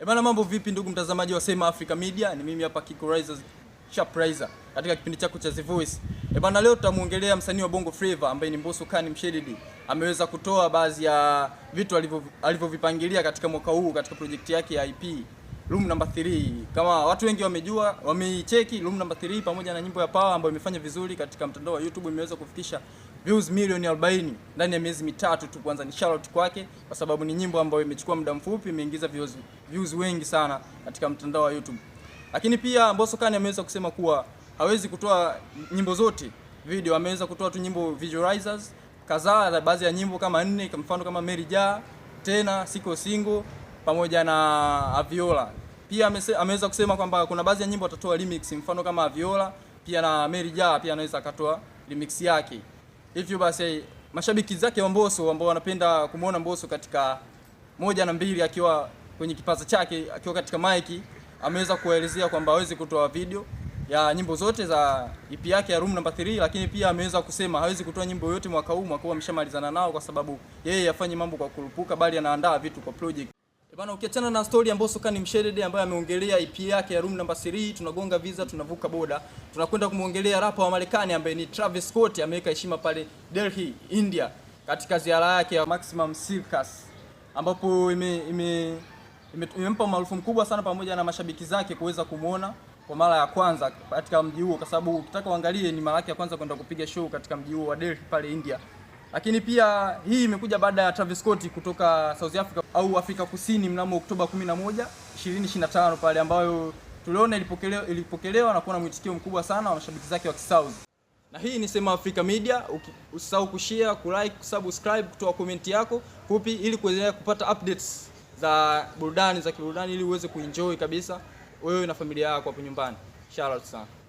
Ebana, mambo vipi ndugu mtazamaji wa Sema Africa Media, ni mimi hapa Kiko Riser Sharp Riser katika kipindi chako cha The Voice. Ebana, leo tutamuongelea msanii wa Bongo Flava ambaye ni Mbosso Khan Mshedidi. Ameweza kutoa baadhi ya vitu alivyovipangilia katika mwaka huu katika projekti yake ya ip room number 3. Kama watu wengi wamejua, wameicheki room number 3 pamoja na nyimbo ya Power ambayo imefanya vizuri katika mtandao wa YouTube, imeweza kufikisha views milioni 40 ndani ya miezi mitatu tu. Kwanza ni shout kwake, kwa sababu ni nyimbo ambayo imechukua muda mfupi, imeingiza views, views wengi sana katika mtandao wa YouTube. Lakini pia Mbosso Khan ameweza kusema kuwa hawezi kutoa nyimbo zote video, ameweza kutoa tu nyimbo visualizers kadhaa, baadhi ya nyimbo kama nne, kwa mfano kama Mary Ja, tena siko single pamoja na Aviola. Pia ameweza kusema kwamba kuna baadhi ya nyimbo atatoa remix, mfano kama Aviola pia na Mary Ja pia anaweza akatoa remix yake. Hivyo basi mashabiki zake wa Mbosso ambao wanapenda kumuona Mbosso katika moja na mbili akiwa kwenye kipaza chake akiwa katika maiki ameweza kuelezea kwamba hawezi kutoa video ya nyimbo zote za EP yake ya Room number 3, lakini pia ameweza kusema hawezi kutoa nyimbo yote mwaka huu, mwaka huu ameshamalizana nao, kwa sababu yeye hafanyi mambo kwa kurupuka, bali anaandaa vitu kwa project. Eh, bana, ukiachana na story ambayo Sokani Mshedede ambaye ameongelea EP yake ya room number 3, tunagonga visa, tunavuka boda, tunakwenda kumwongelea rapa wa Marekani ambaye ni Travis Scott, ameweka heshima pale Delhi, India, katika ziara yake ya Maximum Circus ambapo ime, ime, ime, imempa maarufu mkubwa sana pamoja na mashabiki zake kuweza kumwona kwa mara ya kwanza katika mji huo, kwa sababu ukitaka uangalie, ni mara yake ya kwanza kwenda kupiga show katika mji huo wa Delhi pale India. Lakini pia hii imekuja baada ya Travis Scott kutoka South Africa au Afrika Kusini mnamo Oktoba 11, 2025 pale ambayo tuliona ilipokelewa, ilipokelewa na kuona mwitikio mkubwa sana wa mashabiki zake wa Kisauzi. Na hii ni Sema Africa Media, usisahau kushare, kulike, kusubscribe, kutoa komenti yako fupi ili kuendelea kupata updates za burudani za kiburudani ili uweze kuenjoy kabisa wewe na familia yako hapo nyumbani. Shout out sana.